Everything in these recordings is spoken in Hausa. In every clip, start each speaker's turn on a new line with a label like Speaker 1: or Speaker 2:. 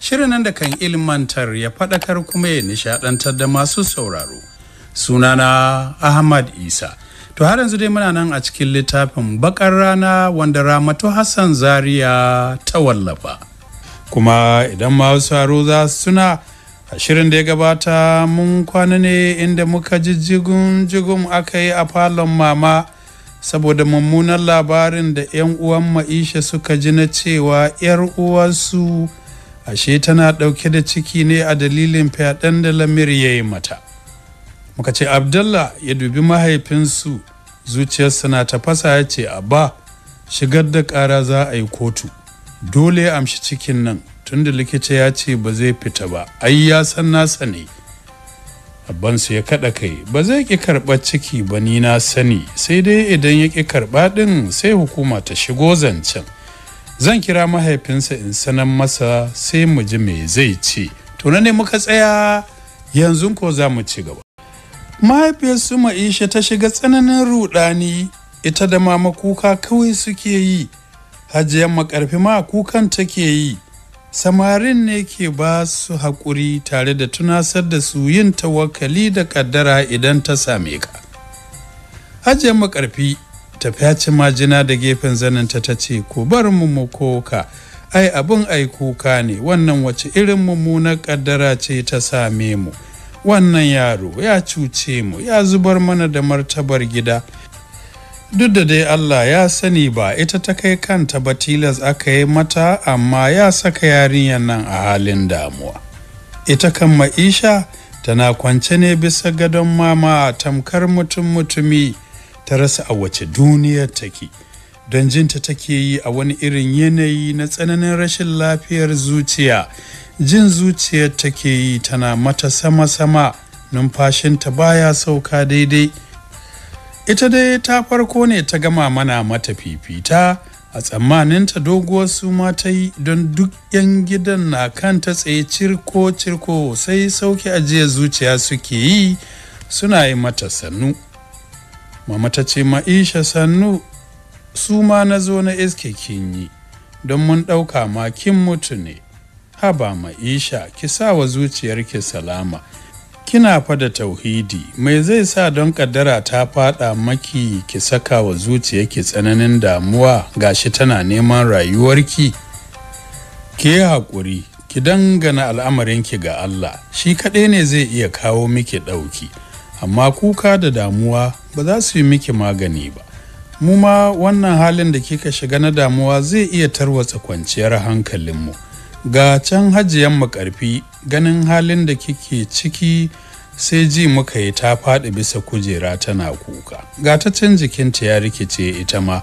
Speaker 1: shirin nan da kan ilmantar ya faɗakar kuma ya nishaɗantar da masu sauraro sunana ahmad isa to har yanzu dai muna nan a cikin littafin bakar rana wanda ramatu hassan zaria ta wallafa kuma idan masu sauraro za suna a shirin da ya gabata mun kwana ne inda muka ji jigun jigun aka yi a falon mama saboda mummunan labarin da 'yan uwan maisha suka ji na cewa 'yar uwarsu ashe tana ɗauke da ciki ne a dalilin fyaɗen da lamir ya yi mata muka ce abdallah ya dubi mahaifinsu zuciyarsa na tafasa ya ce ba shigar da ƙara za a yi kotu dole ya amshi cikin nan tunda likita ya ce ba zai fita ba ai ya san nasa ne abbansu ya kaɗa kai ba zai ƙi karɓar ciki ba ni na sani sai dai idan ya ƙi karɓa ɗin sai hukuma ta shigo zancen zan kira mahaifinsa in sanan masa sai mu ji me zai ce tunan ne muka tsaya yanzu ko za mu ci gaba mahaifiyar su ma'isha ta shiga tsananin rudani ita da mama kuka kawai suke yi hajiyar makarfi ma kukan take yi samarin ne ke ba su haƙuri tare da tunasar da su yin tawakali da ƙaddara idan ta same ka hajiyar makarfi Tafiya fyaci majina da gefen zaninta ta ce ku bar mu mu koka ai abun ai kuka ne wannan wace irin mummunar kaddara ce ta same mu wannan yaro ya cuce mu ya zubar mana da martabar gida duk da dai Allah ya sani ba ita ta kai kanta ba tilas aka yi mata amma ya saka yarinyar nan a halin damuwa ita kan ma'isha tana kwance ne bisa gadon mama tamkar mutum mutumi ta rasa a wace duniyar take don jinta take yi a wani irin yanayi na tsananin rashin lafiyar zuciya jin zuciyar take yi tana mata sama-sama numfashinta baya sauka daidai ita dai ta farko ne ta gama mana mata fifita a tsammaninta doguwar su ta yi don duk 'yan gidan na kan ta tsaye cirko-cirko sai sauki ajiyar zuciya suke yi suna yi mata sannu mama ta ce ma'isha sannu su ma na zo na iske kin yi don mun ɗauka ma kin mutu ne haba ma'isha ki sa wa zuciyarki salama kina fa da tauhidi mai zai sa don kaddara ta fada maki ki saka wa zuciyarki tsananin damuwa gashi tana neman rayuwarki ke haƙuri ki dangana al'amarinki ga Allah shi kaɗai ne zai iya kawo miki ɗauki. amma kuka da damuwa ba za su yi miki magani ba mu ma wannan halin da kika shiga na damuwa zai iya tarwatsa kwanciyar hankalinmu ga can hajiyan makarfi ganin halin da kike ciki sai ji muka yi ta faɗi bisa kujera tana kuka ga ta can jikinta ya rikice ita ma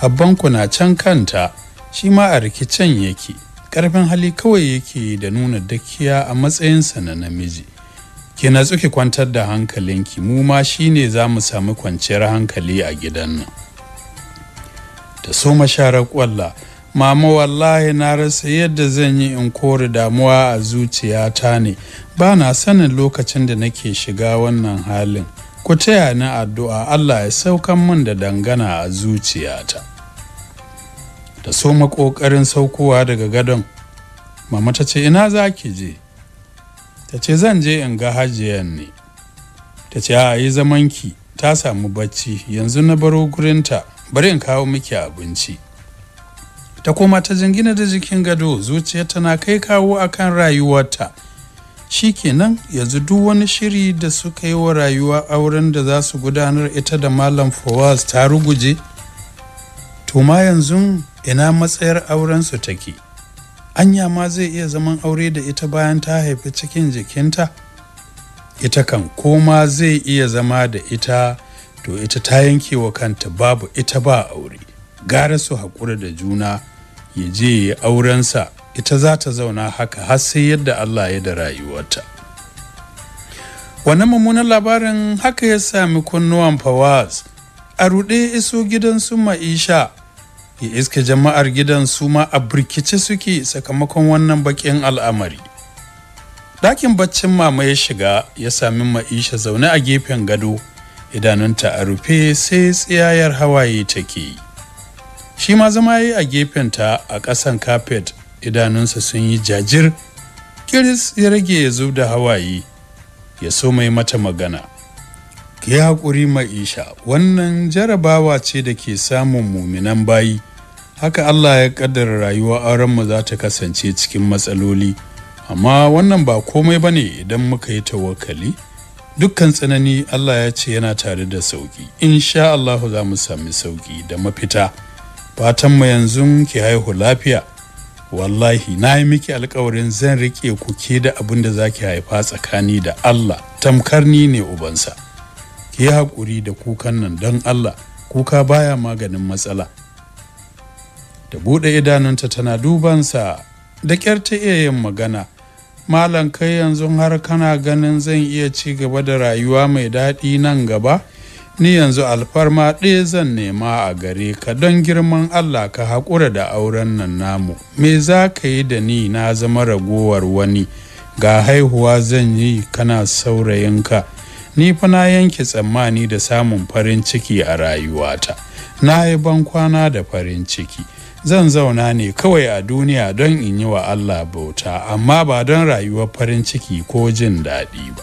Speaker 1: habbanku na can kanta shi ma a rikicen yake ƙarfin hali kawai yake da nuna dakiya a matsayinsa na namiji ki natsu ki kwantar da hankalinki mu ma shine za mu samu kwanciyar hankali a gidan nan ta so masharar kwalla mama wallahi na rasa yadda zan yi in kore damuwa a zuciyata ne ba na sanin lokacin da nake shiga wannan halin ku taya ni addu'a allah ya saukan min da dangana a zuciyata Da so makokarin saukowa daga gadon mama ta ce ina za ki je ta ce zan je in ga hajiyan ne ta ce a yi zamanki ta samu bacci yanzu na baro gurinta bari in kawo miki abinci ta koma ta jingina da jikin gado zuciya tana kai kawo akan rayuwarta Shi kenan yanzu duk wani shiri da suka yi wa rayuwa auren da za su gudanar ita da malam fawaz ta ruguje to ma yanzu ina matsayar aurensu take anya ma zai iya zaman aure da ita bayan ta haifi cikin jikinta ita kan koma zai iya zama da ita to ita ta yanke wa kanta babu ita ba aure gara su haƙura da juna ya je ya aurensa ita za ta zauna haka har sai yadda Allah ya da rayuwarta wannan mummunan labarin haka ya sami kunnuwan fawaz a ruɗe iso gidan su ma'isha ya iske jama'ar gidan su ma a birkice suke sakamakon wannan bakin al'amari ɗakin baccin mama ya shiga ya sami ma'isha zaune a gefen gado idanunta a rufe sai tsiyayar hawaye take yi shi ma zama yi a gefen ta a ƙasan kafet idanunsa sun yi jajir kiris ya rage ya zub da hawaye ya so mai mata magana ki haƙuri ma'isha wannan jarabawa ce da ke samun muminan bayi haka Allah ya kaddara rayuwa aurenmu za ta kasance cikin matsaloli amma wannan ba komai ba ne idan muka yi tawakali dukkan tsanani Allah ya ce yana tare da sauki insha Allahu za mu sami sauki da mafita fatan mu yanzu ke haihu lafiya wallahi na yi miki alkawarin zan rike ku ke da abin da za ki haifa tsakani da Allah tamkar ni ne ubansa ki yi haƙuri da kukan nan don Allah kuka baya maganin matsala ta buɗe idanunta tana dubansa da ƙyar ta iya yin magana malam kai yanzu har kana ganin zan iya ci gaba da rayuwa mai daɗi nan gaba ni yanzu alfarma ɗaya zan nema a gare ka don girman allah ka haƙura da auren nan namu me za ka yi da ni na zama ragowar wani ga haihuwa zan yi kana saurayinka ni fa na yanke tsammani da samun farin ciki a rayuwata na yi ban kwana da farin ciki zan zauna ne kawai a duniya don in yi wa Allah bauta amma ba don rayuwar farin ciki ko jin daɗi ba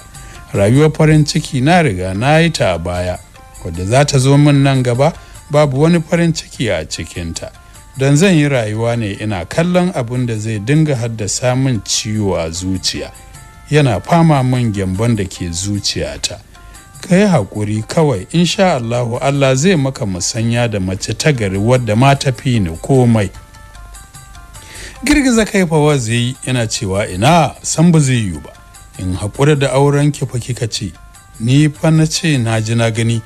Speaker 1: rayuwar farin ciki na riga na yi ta baya wadda za ta zo min nan gaba babu wani farin ciki a cikinta don zan yi rayuwa ne ina kallon abin da zai dinga haddasa min ciwo a zuciya yana fama min gyambon da ke zuciyata ka yi haƙuri kawai insha Allahu Allah zai maka musanya da mace ta gari wadda ma ta fi ni komai girgiza kai fawa zai yana cewa ina san ba zai yiwu ba in haƙura da auren ki fa kika ce ni fa na ce na ji na gani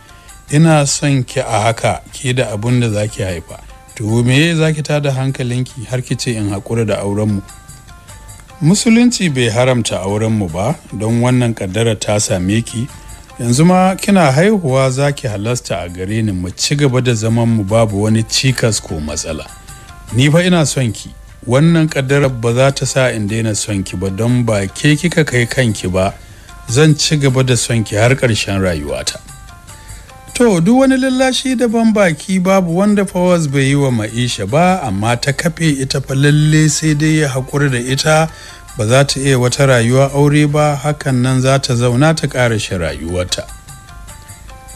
Speaker 1: ina son ki a haka ke da abin da zaki haifa to me za ta tada hankalinki har ki ce in haƙura da aurenmu? musulunci bai haramta auren mu ba don wannan kaddara ta same ki yanzu ma kina haihuwa za ki halasta a gare ni mu ci gaba da zaman mu babu wani cikas ko matsala ni fa ina son ki wannan kaddara ba za ta sa in daina son ki ba don ba ke kika kai kanki ba zan ci gaba da son ki har ƙarshen rayuwata to duk wani lallashi da ban baki babu wanda fawaz bai yi wa ma'isha ba amma ta kafe ita fa lalle sai dai ya haƙura da ita ba za ta iya wata rayuwa aure ba hakan nan za ta zauna ta shi rayuwarta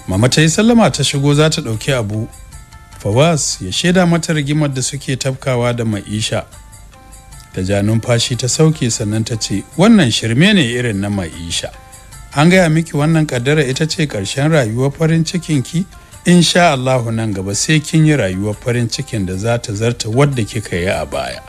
Speaker 1: mama ta yi sallama ta shigo za ta ɗauki abu fawaz ya shaida mata rigimar da suke tafkawa da ma'isha ta ja numfashi ta sauke sannan ta ce wannan shirme ne irin na ma'isha an gaya miki wannan kaddara ita ce ƙarshen rayuwar farin cikin ki insha Allahu nan gaba sai kin yi rayuwar farin cikin da za ta zarta wadda kika yi a baya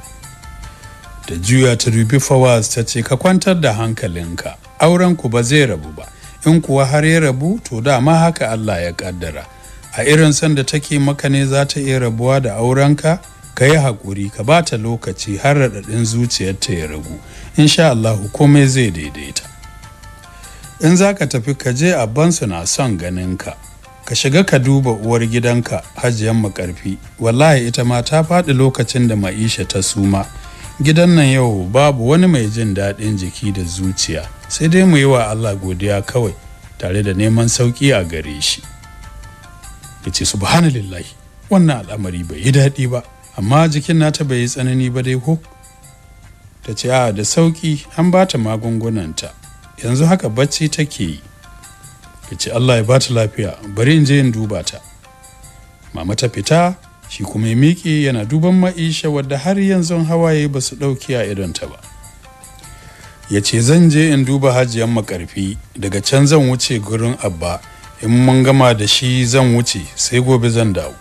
Speaker 1: da juya ta dubi fawaz ta ce ka kwantar da hankalinka auren ku ba zai rabu ba in kuwa har ya rabu to dama haka Allah ya kaddara a irin sanda take maka ne za ta iya rabuwa da aurenka ka yi haƙuri ka ba ta lokaci har raɗaɗin zuciyarta ya ragu insha Allah komai zai daidaita in za ka tafi ka je a na son ganinka ka shiga ka duba uwar gidanka Hajiyar makarfi wallahi ita ma ta faɗi lokacin da ma'isha ta suma gidan nan yau babu wani mai jin daɗin jiki da zuciya sai dai mu yi wa Allah godiya kawai tare da neman sauƙi a gare shi ya ce subhanallahi wannan al'amari bai yi daɗi ba amma jikin nata bai yi tsanani ba dai ko ta ce a da sauƙi an ba ta magungunanta yanzu haka bacci take yi ya ce Allah ya ba ta lafiya bari in je in duba ta mama ta fita shi kuma ya yana duban ma'isha wadda har yanzu hawaye ba su ɗauki a idonta ba ya ce zan je in duba hajiyan makarfi daga can zan wuce gurin abba in mun gama da shi zan wuce sai gobe zan dawo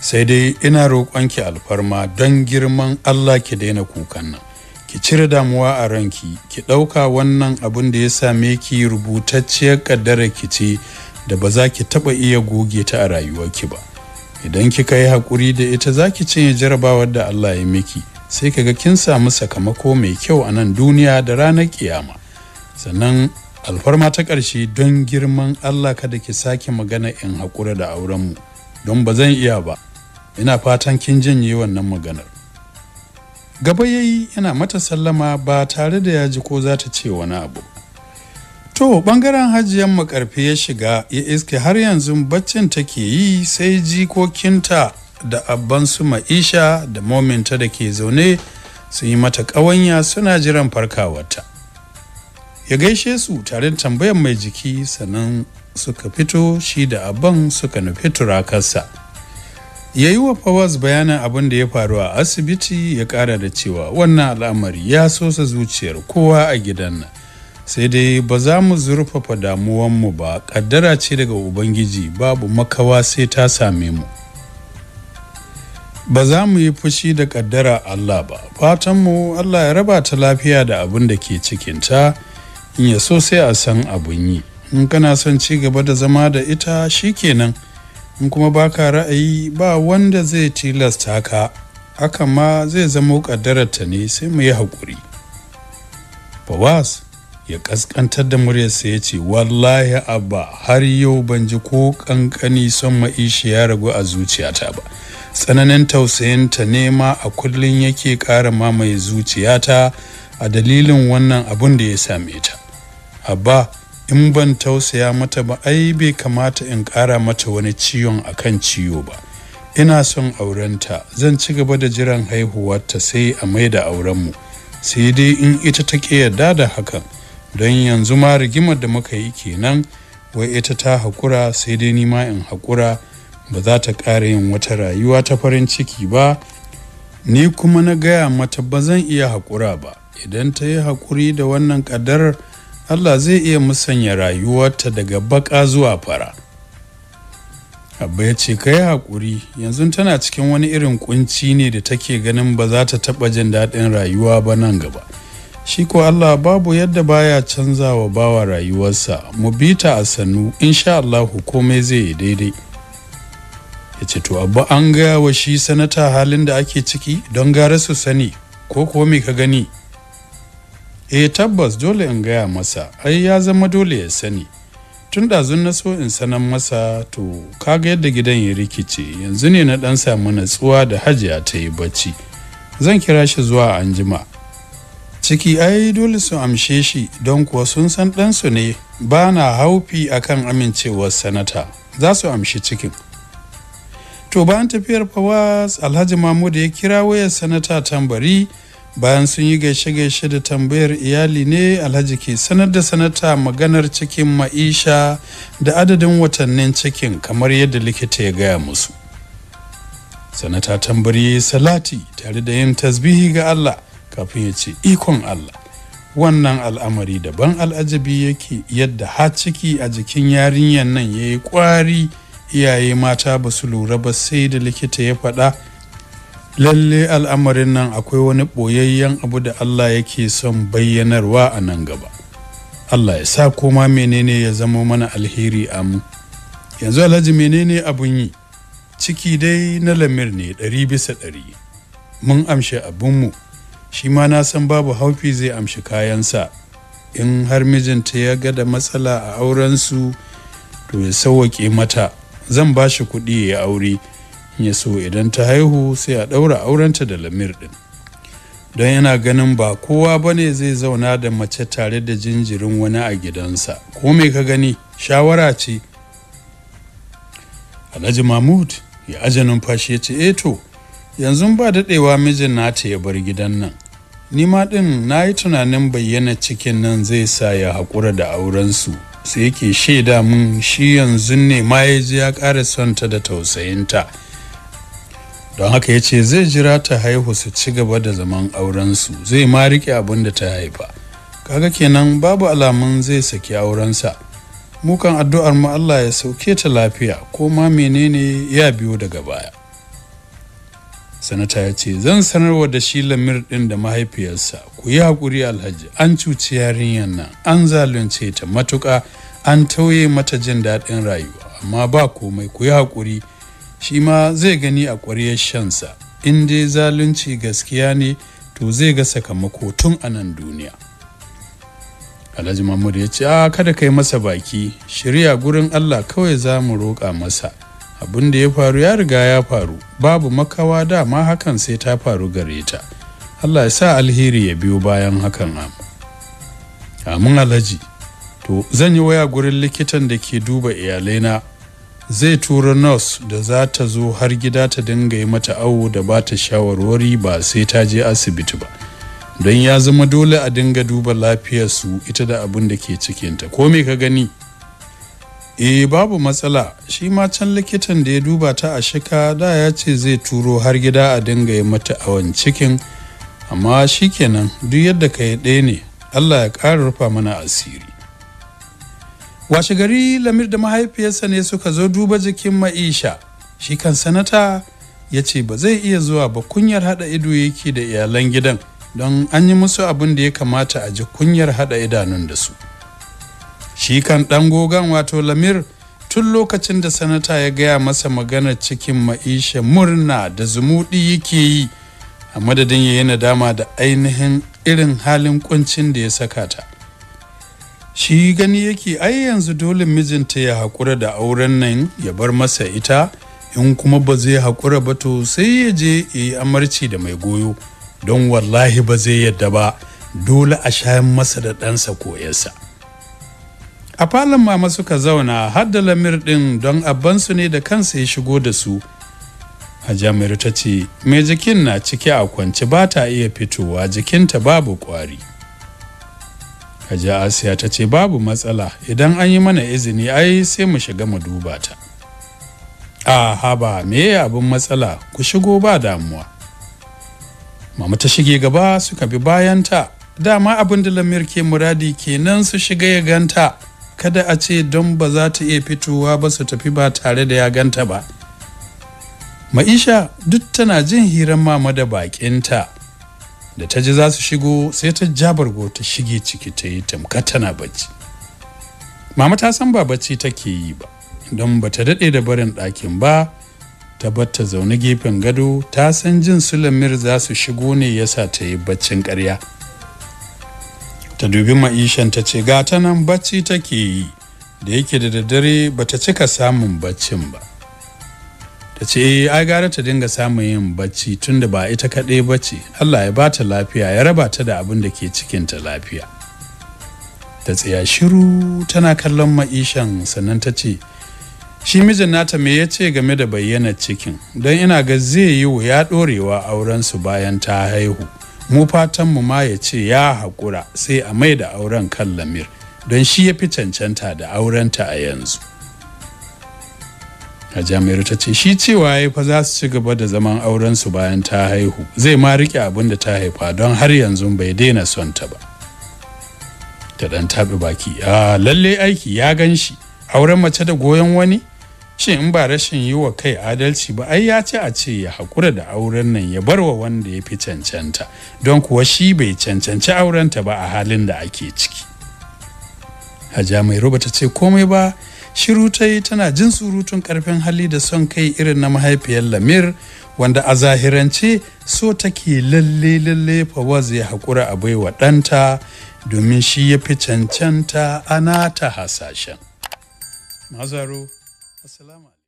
Speaker 1: sai dai ina roƙonki alfarma don girman allah ki daina kukan nan ki cire damuwa a ranki ki ɗauka wannan abin da ya same ki rubutacciyar ƙaddarar ki ce da ba za ki taɓa iya goge ta a rayuwarki ba idan kika yi haƙuri da ita za ki cinye jarabawar da Allah ya miki sai kaga kin samu sakamako mai kyau a nan duniya da ranar kiyama sannan alfarma ta ƙarshe don girman Allah kada ki sake magana in hakura da aurenmu don ba zan iya ba ina fatan kin janye wannan maganar gaba yayi yana mata sallama ba tare da ya ji ko za ta ce wani abu To bangaren hajiyan makarfi ya shiga ya iske har yanzu baccin take yi sai jikokinta da abban ma'isha da mominta da ke zaune sun yi mata ƙawanya suna jiran farkawarta. Ya gaishe su tare da tambayar mai jiki sannan suka fito shi da abban suka nufi turakarsa. Ya yi wa Fawaz bayanin abin da ya faru a asibiti ya ƙara da cewa wannan al'amari ya sosa zuciyar kowa a gidan nan. sai dai ba za mu zurfafa damuwanmu ba ƙaddara ce daga ubangiji babu makawa sai ta same mu ba za mu yi fushi da ƙaddara allah ba fatanmu allah ya raba ta lafiya da abin da ke cikinta in ya so sai a san abin yi in kana son ci gaba da zama da ita shikenan in kuma baka ra'ayi ba wanda zai tilasta ka haka ma zai zama ƙaddararta ne sai mu yi haƙuri. Fawaz ya kaskantar da muryarsa ya ce wallahi abba har yau ban ji ko kankani son ma'ishi ya ragu a zuciyata ba tsananin tausayinta nema a kullum yake ƙara mamaye zuciyata a dalilin wannan abun da ya same ta abba in ban tausaya mata ba ai bai kamata in ƙara mata wani ciwon kan ciwo ba ina son aurenta zan ci gaba da jiran haihuwarta sai a mai da aurenmu sai dai in ita ta yarda da hakan don yanzu ma rigimar da muka yi kenan wai ita ta haƙura sai dai nima in haƙura ba za ta ƙara yin wata rayuwa ta farin ciki ba ni kuma na gaya mata ba zan iya haƙura ba idan ta yi haƙuri da wannan ƙadar, allah zai iya musanya rayuwarta daga baƙa zuwa fara abba ya ce ka yi haƙuri yanzu tana cikin wani irin ƙunci ne da take ganin ba za ta taɓa jin daɗin rayuwa ba nan gaba shi ko Allah babu yadda baya canzawa bawa rayuwarsa mu bi ta a sannu insha Allah komai zai yi daidai ya ce to abu an gaya wa shi sanata halin da ake ciki don gara su sani ko kuwa me ka gani eh tabbas dole in gaya masa ai ya zama dole ya sani tun ɗazun na so in sanan masa to kaga yadda gidan ya rikice yanzu ne na ɗan samu natsuwa da hajiya ta yi bacci zan kira shi zuwa anjima ciki ai dole su amshe shi don kuwa sun san ɗansu ne ba na haufi a kan amincewar sanata za su amshi cikin to bayan tafiyar fawas alhaji mahmud ya kira wayar sanata tambari bayan sun yi gaishe-gaishe da tambayar iyali ne alhaji ke sanar da sanata maganar cikin ma'isha da adadin watannin cikin kamar yadda likita ya gaya musu sanata tambari salati tare da yin tasbihi ga allah kafin ya ce ikon Allah wannan al'amari daban al'ajabi yake yadda har ciki a jikin yarinyar nan ya yi kwari iyaye mata ba su lura ba sai da likita ya faɗa lalle al'amarin nan akwai wani ɓoyayyen abu da Allah yake son bayyanarwa a nan gaba Allah ya sa koma menene ya zama mana alheri a mu yanzu alhaji menene abun yi ciki dai na lamir ne ɗari bisa ɗari mun amshe abunmu shi ma na san babu haufi zai amshi kayansa in har mijinta ya ga da matsala a aurensu to ya sauwaƙe mata zan ba shi kuɗi ya aure ya so idan ta haihu sai a ɗaura aurenta da lamir ɗin don yana ganin ba kowa ba ne zai zauna da mace tare da jinjirin wani a gidansa ko me ka gani shawara ce alhaji mahmud ya aje numfashi ya ce eto eh yanzu ba daɗewa mijin nata ya bar gidan nan ni ma ɗin na yi tunanin bayyana cikin nan zai sa ya haƙura da aurensu sai yake shaida mun shi yanzu ne ma ya ji ya ƙara sonta da tausayinta don haka ya ce zai jira ta haihu su ci gaba da zaman aurensu zai ma riƙe abin da ta haifa kaga kenan babu alamun zai saki aurensa mukan addu'ar mu Allah ya sauke ta lafiya ko ma menene ya biyo daga baya sanata ya ce zan sanarwa da shi lamir ɗin da mahaifiyarsa ku yi haƙuri alhaji an cuci yarinyar nan an zalunce ta matuƙa an tauye mata jin daɗin rayuwa amma ba komai ku yi haƙuri shi ma zai gani a ƙwaryar shansa in dai zalunci gaskiya ne to zai ga sakamako tun a nan duniya alhaji mahmud ya ce a ah, kada kai masa baki shirya gurin allah kawai za mu roƙa masa abin da ya faru ya riga ya faru babu makawa dama hakan sai ta faru gare ta allah ya sa alheri ya biyo bayan hakan amin alhaji to zan yi waya gurin likitan da ke duba iyalaina zai tura nurse da za ta zo har gida ta dinga yi mata awo da ba ta shawarwari ba sai ta je asibiti ba don ya zama dole a dinga duba lafiyarsu ita da abin da ke cikinta ko me ka gani eh babu matsala shi ma can likitan da ya duba ta a shika da ya ce zai turo har gida a dinga yi mata awon cikin amma shi kenan duk yadda ka yi ɗaya ne allah ya ƙara rufa mana asiri washe gari lamir da mahaifiyarsa ne suka zo duba jikin ma'isha shi kan sanata ya ce ba zai iya zuwa ba kunyar haɗa ido yake da iyalan gidan don an yi musu abin da ya kamata a ji kunyar haɗa idanun da su shi kan ɗan gogan wato lamir tun lokacin da sanata ya gaya masa magana cikin ma'isha murna da zumuɗi yake yi a madadin ya yi nadama da ainihin irin halin kuncin da ya saka ta shi gani yake ai yanzu dole mijinta ya haƙura da auren nan ya bar masa ita in kuma ba zai haƙura ba to sai ya je ya yi amarci da mai goyo don wallahi ba zai yadda ba dole a shayan masa da ɗansa ko yasa a falon mama suka zauna har da lamir ɗin don abbansu ne da kansa ya shigo da su hajjamiru ta ce mai jikin na cike a kwance ba ta iya fitowa jikinta babu ƙwari hajja asiya ta ce babu matsala idan an yi mana izini ai sai mu shiga mu duba ta a haba me abin matsala ku shigo ba damuwa mama ta shige gaba suka bi bayanta dama abin da lamir ke muradi kenan su shiga ya ganta kada a ce don ba za ta iya fitowa ba su tafi ba tare da ya ganta ba ma'isha duk tana jin hiran mama da bakinta da ta ji za su shigo sai ta jabargo ta shige ciki ta yi tamka tana bacci mama ta san ba bacci take yi ba don ba ta daɗe da barin ɗakin ba ta batta zaune gefen gado ta san jin sulamir za su shigo ne yasa ta yi baccin ƙarya ta dubi ma'ishan ta ce gata nan bacci take yi da yake da daddare ba ta cika samun baccin ba ta ce eh, ai gara ta dinga samun yin bacci tunda ba ita kaɗai ba ce allah ya bata lafiya ya raba ta da abin da ke cikinta lafiya ta tsaya shiru tana kallon ma'ishan sannan ta ce shi mijin nata me ya ce game da bayyana cikin don ina ga zai yi wuya ɗorewa auren su bayan ta haihu mu fatan mu ma ya ce ya haƙura sai a mai da auren kan lamir don shi ya fi cancanta da aurenta a yanzu a jami'ar ta ce shi cewa ya fa za su ci gaba da zaman auren su bayan ta haihu zai ma riƙe abin da ta haifa don har yanzu bai daina son ta ba ta dan taɓi baki a ah, lalle aiki ya gan shi auren mace da goyon wani shin in ba rashin yi wa kai adalci ba ai ya ce a ce ya haƙura da auren nan ya bar wa wanda ya fi cancanta don kuwa shi bai cancanci aurenta ba a halin da ake ciki hajja mai roba ta ce komai ba shiru ta yi tana jin surutun karfin hali da son kai irin na mahaifiyar lamir wanda a zahirance so take lalle lalle fawaz ya haƙura a baiwa ɗanta domin shi ya fi cancanta ana ta hasashen mazaro السلام عليكم